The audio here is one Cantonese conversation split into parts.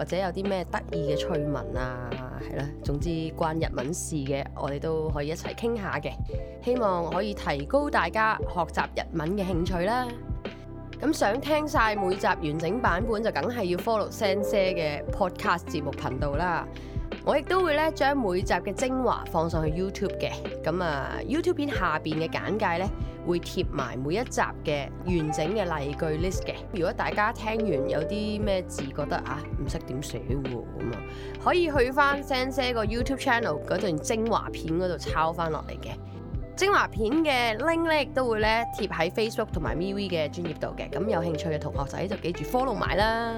或者有啲咩得意嘅趣聞啊，係啦，總之關日文事嘅，我哋都可以一齊傾下嘅。希望可以提高大家學習日文嘅興趣啦。咁想聽晒每集完整版本，就梗係要 follow Sensei 嘅 podcast 節目頻道啦。我亦都會咧將每集嘅精華放上去 YouTube 嘅。咁啊，YouTube 片下邊嘅簡介呢，會貼埋每一集嘅完整嘅例句 list 嘅。如果大家聽完有啲咩字覺得啊唔識點寫喎，咁啊，的可以去翻 Sensei 個 YouTube channel 嗰段精華片嗰度抄翻落嚟嘅。精華片嘅 link 咧亦都會咧貼喺 Facebook 同埋 MeWe 嘅專頁度嘅。咁有興趣嘅同學仔就記住 follow 埋啦。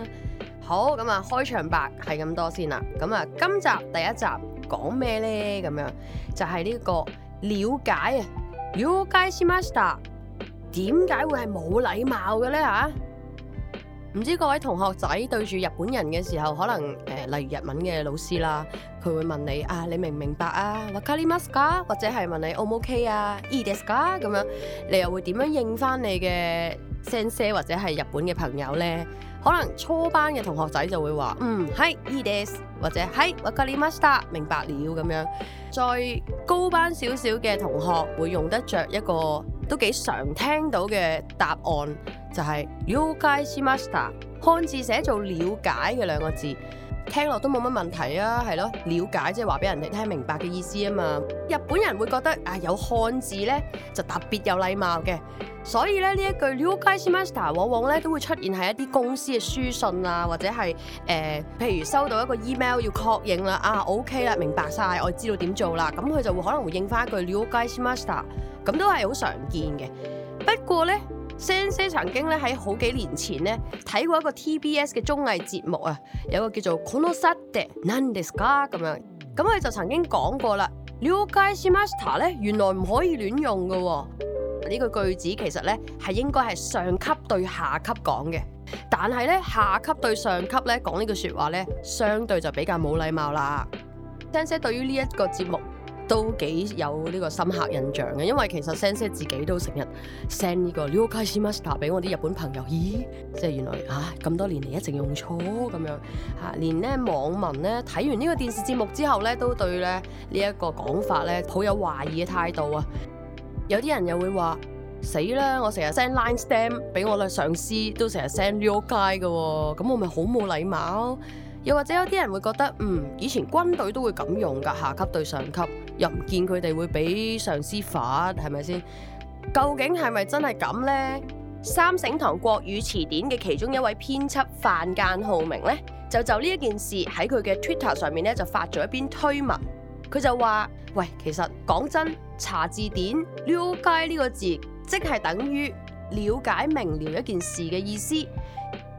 好，咁啊開場白係咁多先啦。咁啊今集第一集講咩呢？咁樣就係、是、呢個了解啊。了解しました。點解會係冇禮貌嘅呢？吓？唔知各位同學仔對住日本人嘅時候，可能誒例如日文嘅老師啦，佢會問你啊，你明唔明白啊？わかりますか，或者係問你 O 唔 OK 啊？いいですか咁樣，你又會點樣應翻你嘅先生或者係日本嘅朋友呢？可能初班嘅同學仔就會話：嗯，はい、いいです，或者はい、わかりました，明白了咁樣。再高班少少嘅同學會用得著一個都幾常聽到嘅答案。就係了解しました，漢字寫做了解嘅兩個字，聽落都冇乜問題啊，係咯，了解即係話俾人哋聽明白嘅意思啊嘛。日本人會覺得啊有漢字咧就特別有禮貌嘅，所以咧呢一句了解しました往往咧都會出現喺一啲公司嘅書信啊，或者係誒、呃、譬如收到一個 email 要確認啦、啊，啊 OK 啦，明白晒，我知道點做啦，咁、嗯、佢就會可能會應翻一句了解しました，咁都係好常見嘅。不過咧。先生曾經咧喺好幾年前咧睇過一個 TBS 嘅綜藝節目啊，有一個叫做《この差って何ですか？》咁樣，咁佢就曾經講過啦了，了解しました咧原來唔可以亂用嘅喎、哦，呢、呢個句子其實咧係應該係上級對下級講嘅，但係咧下級對上級咧講呢句說話咧，相對就比較冇禮貌啦。先生對於呢一個節目。都幾有呢個深刻印象嘅，因為其實 Sensei 自己都成日 send 呢個了解しました俾我啲日本朋友，咦，即係原來嚇咁、啊、多年嚟一直用錯咁樣嚇、啊，連咧網民咧睇完呢個電視節目之後咧，都對咧呢一、這個講法咧抱有懷疑嘅態度啊！有啲人又會話：死啦！我成日 send Line stamp 俾我嘅上司都，都成日 send 了解嘅喎，咁我咪好冇禮貌，啊？又或者有啲人會覺得，嗯，以前軍隊都會咁用噶，下級對上級，又唔見佢哋會俾上司罰，係咪先？究竟係咪真係咁呢？《三省堂國語辭典》嘅其中一位編輯范間浩明呢，就就呢一件事喺佢嘅 Twitter 上面咧就發咗一篇推文，佢就話：喂，其實講真，查字典，了解呢個字，即係等於了解明瞭一件事嘅意思。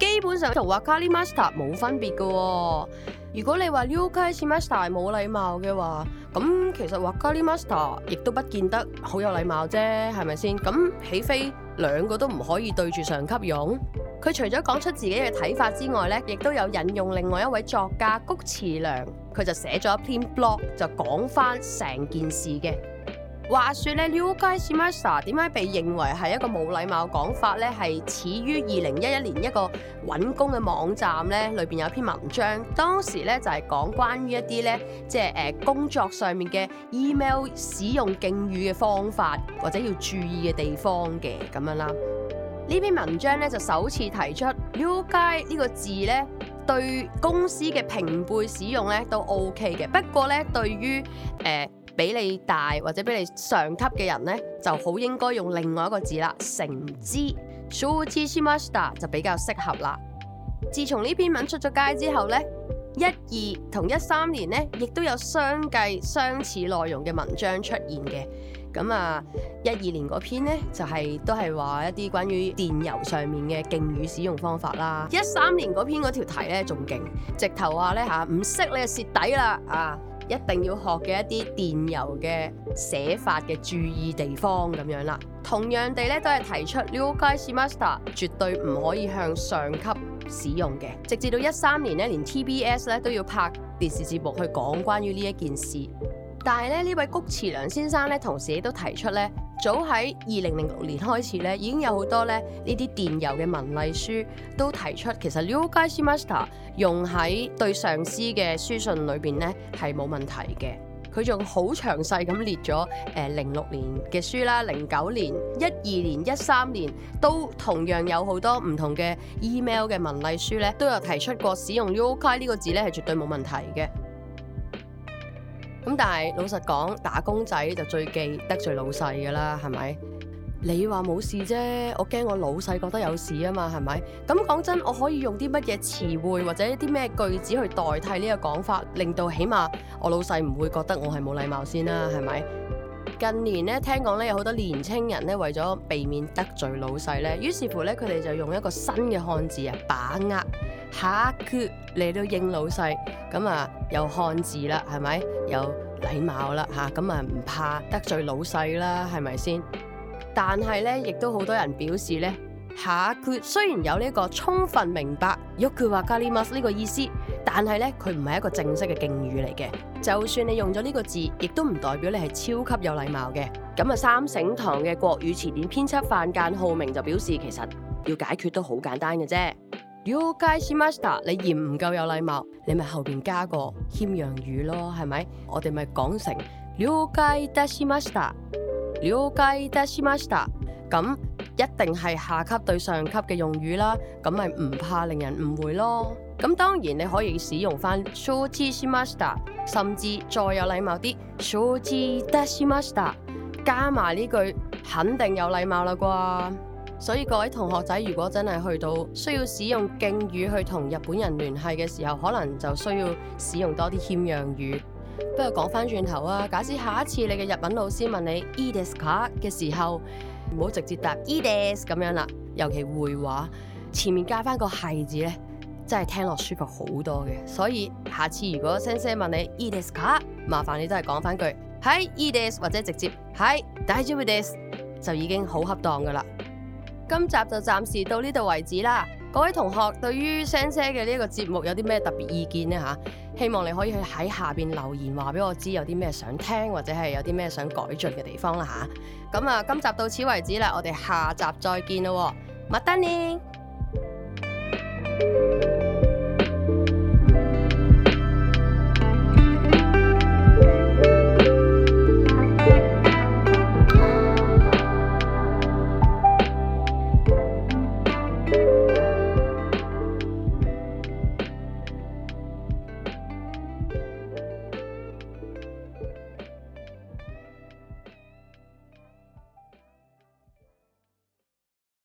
基本上同話わかりました冇分別㗎喎，如果你話了解しました冇禮貌嘅話，咁其實話わかりました亦都不見得好有禮貌啫，係咪先？咁豈非兩個都唔可以對住上級用？佢除咗講出自己嘅睇法之外咧，亦都有引用另外一位作家菊池良，佢就寫咗一篇 blog 就講返成件事嘅。話説咧，撈 e 是乜嘢？點解被認為係一個冇禮貌講法咧？係始於二零一一年一個揾工嘅網站咧，裏邊有一篇文章，當時咧就係、是、講關於一啲咧，即係誒、呃、工作上面嘅 email 使用敬語嘅方法，或者要注意嘅地方嘅咁樣啦。呢篇文章咧就首次提出撈街呢個字咧，對公司嘅平輩使用咧都 O K 嘅，不過咧對於誒。呃比你大或者比你上級嘅人呢，就好應該用另外一個字啦，承知。承知しました就比較適合啦。自從呢篇文出咗街之後呢，一二同一三年呢，亦都有相繼相似內容嘅文章出現嘅。咁啊，一二年嗰篇呢，就係、係、都係話一啲關於電郵上面嘅敬語使用方法啦。一三年嗰篇嗰條題呢仲勁，直頭話呢，嚇唔識你就蝕底啦啊！一定要學嘅一啲電郵嘅寫法嘅注意地方咁樣啦。同樣地咧，都係提出了解しました絕對唔可以向上級使用嘅。直至到一三年呢，連 TBS 都要拍電視節目去講關於呢一件事。但係咧，呢位菊池良先生呢，同時亦都提出呢。早喺二零零六年開始已經有好多咧，呢啲電郵嘅文例書都提出，其實了解しました用喺對上司嘅書信裏面是係冇問題嘅。佢仲好詳細咁列咗誒零六年嘅書啦，零九年、一二年、一三年都同樣有好多唔同嘅 email 嘅文例書都有提出過使用了解呢個字咧係絕對冇問題嘅。咁但係老實講，打工仔就最忌得罪老細噶啦，係咪？你話冇事啫，我驚我老細覺得有事啊嘛，係咪？咁講真，我可以用啲乜嘢詞彙或者一啲咩句子去代替呢個講法，令到起碼我老細唔會覺得我係冇禮貌先啦，係咪？近年聽講有好多年輕人為咗避免得罪老細咧，於是乎他佢哋就用一個新嘅漢字啊，把握。了解你都應老細，咁啊有漢字啦，係咪有禮貌啦？嚇、啊，咁啊唔怕得罪老細啦，係咪先？但係咧，亦都好多人表示咧，了解雖然有呢個充分明白喐佢話よくわかります呢個意思，但係咧，佢唔係一個正式嘅敬語嚟嘅。就算你用咗呢個字，亦都唔代表你係超級有禮貌嘅。咁啊，三省堂嘅國語詞典編輯飯間浩明就表示，其實要解決都好簡單嘅啫。了解是 master，你嫌唔夠有禮貌，你咪後邊加個謙讓語咯，係咪？我哋咪講成了解 d s 是 master，了解 d s 是 master，咁一定係下級對上級嘅用語啦，咁咪唔怕令人誤會咯。咁當然你可以使用翻熟知是 master，甚至再有禮貌啲 Sooty 熟知得是 master，加埋呢句肯定有禮貌啦啩。所以各位同學仔，如果真係去到需要使用敬語去同日本人聯繫嘅時候，可能就需要使用多啲謙讓語。不過講翻轉頭啊，假設下一次你嘅日文老師問你「いいですか」嘅時候，唔好直接答「いいです」咁樣啦。尤其會話前面加翻個係字咧，真係聽落舒服好多嘅。所以下次如果先生問你「いいですか」，麻煩你都係講翻句「はい、いいです」或者直接「はい、大丈夫です」就已經好恰當噶啦。今集就暫時到呢度為止啦，各位同學對於 Sensei 嘅呢個節目有啲咩特別意見呢？吓？希望你可以去喺下邊留言話俾我知有啲咩想聽或者係有啲咩想改進嘅地方啦吓。咁啊，今集到此為止啦，我哋下集再見咯 Morning